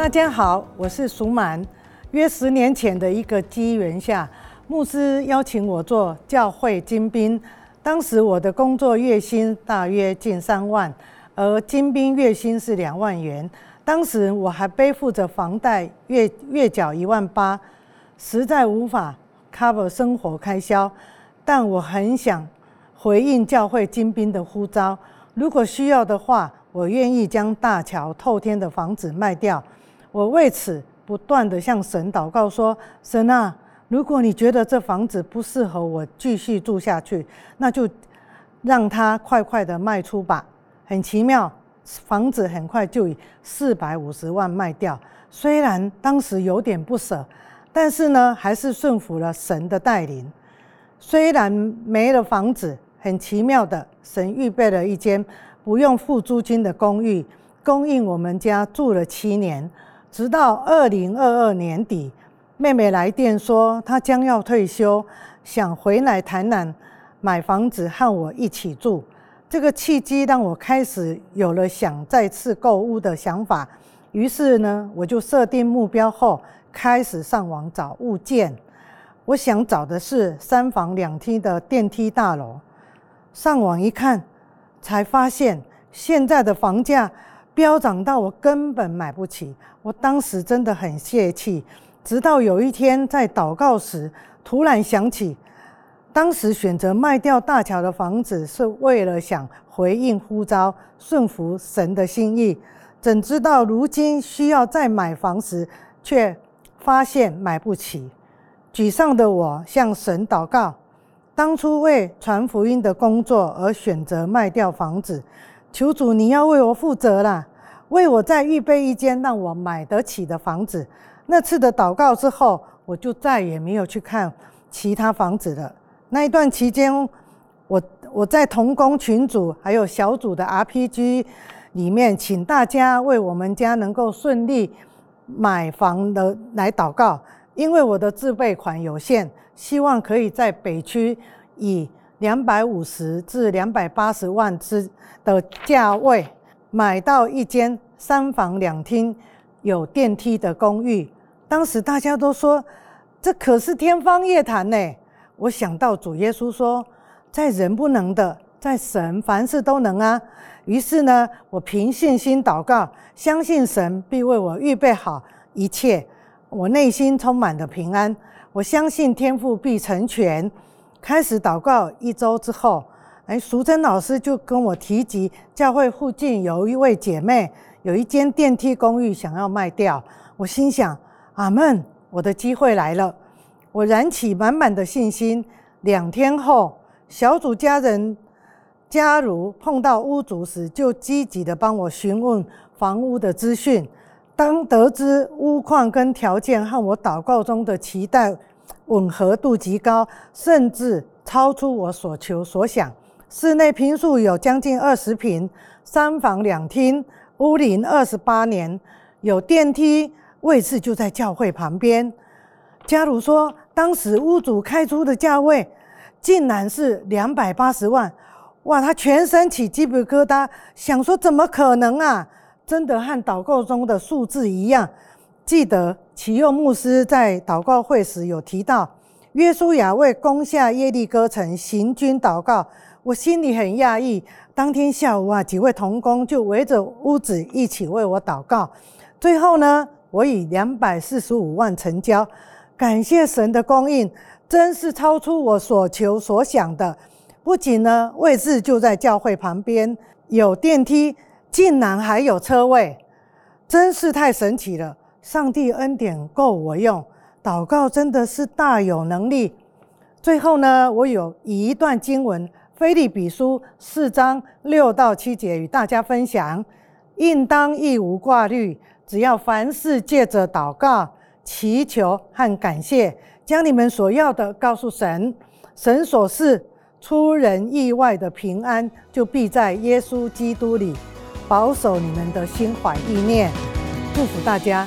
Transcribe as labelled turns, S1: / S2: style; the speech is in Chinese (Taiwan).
S1: 大家好，我是淑滿。約十年前的一個機緣下，牧師邀請我做教會精兵。當時我的工作月薪大約近三萬，而精兵月薪是兩萬元。當時我還背負着房貸，月月繳一萬八，實在無法 cover 生活開銷。但我很想回應教會精兵的呼召。如果需要的話，我願意將大橋透天的房子賣掉。我為此不斷地向神禱告，說：“神啊，如果你覺得這房子不適合我繼續住下去，那就讓它快快地賣出吧。”很奇妙，房子很快就以四百五十萬賣掉。雖然當時有點不舍，但是呢，還是順服了神的帶領。雖然沒了房子，很奇妙的，神預備了一間不用付租金的公寓，供應我們家住了七年。直到二零二二年底，妹妹來電說她將要退休，想回來台南買房子和我一起住。這個契機讓我開始有了想再次購屋的想法。於是呢，我就設定目標後開始上網找物件。我想找的是三房兩廳的電梯大樓。上網一看，才發現現在的房價。飆漲到我根本買不起，我當時真的很洩氣。直到有一天在禱告時，突然想起，當時選擇賣掉大橋的房子是為了想回應呼召，順服神的心意。怎知道如今需要再買房時，卻發現買不起。沮喪的我向神禱告，當初為傳福音的工作而選擇賣掉房子。求主，你要為我負責啦，為我再預備一間讓我買得起的房子。那次的禱告之後，我就再也沒有去看其他房子了。那一段期間，我我在同工群組還有小組的 RPG 裡面，請大家為我們家能夠順利買房的來禱告，因為我的自備款有限，希望可以在北區以。兩百五十至兩百八十萬之的價位，買到一間三房兩廳、有電梯的公寓。當時大家都說，這可是天方夜譚呢。我想到主耶穌說，在人不能的，在神凡事都能啊。於是呢，我憑信心禱告，相信神必為我預備好一切。我內心充滿了平安，我相信天父必成全。開始禱告一周之後，哎，淑珍老師就跟我提及教會附近有一位姐妹有一間電梯公寓想要賣掉。我心想：“阿門，我的機會來了！”我燃起滿滿的信心。兩天後，小組家人家如碰到屋主時，就積極地幫我詢問房屋的資訊。當得知屋況跟條件和我禱告中的期待。吻合度極高，甚至超出我所求所想。室內坪數有將近二十坪，三房兩廳，屋齡二十八年，有電梯，位置就在教會旁邊。假如說當時屋主開出的價位，竟然是兩百八十萬，哇，他全身起雞皮疙瘩，想說怎麼可能啊？真的和禱告中的數字一樣。記得啟佑牧師在禱告會時有提到，約書亞為攻下耶利哥城行軍禱告，我心裡很訝異。當天下午啊，幾位同工就圍着屋子一起為我禱告。最後呢，我以兩百四十五萬成交，感謝神的供應，真是超出我所求所想的。不僅呢，位置就在教會旁邊，有電梯，竟然還有車位，真是太神奇了。上帝恩典夠我用，禱告真的是大有能力。最後呢，我有一段經文《腓立比書》四章六到七節與大家分享：應當一無掛慮，只要凡事借着禱告、祈求和感謝，將你們所要的告訴神。神所是出人意外的平安，就必在耶穌基督裡保守你們的心懷意念。祝福大家。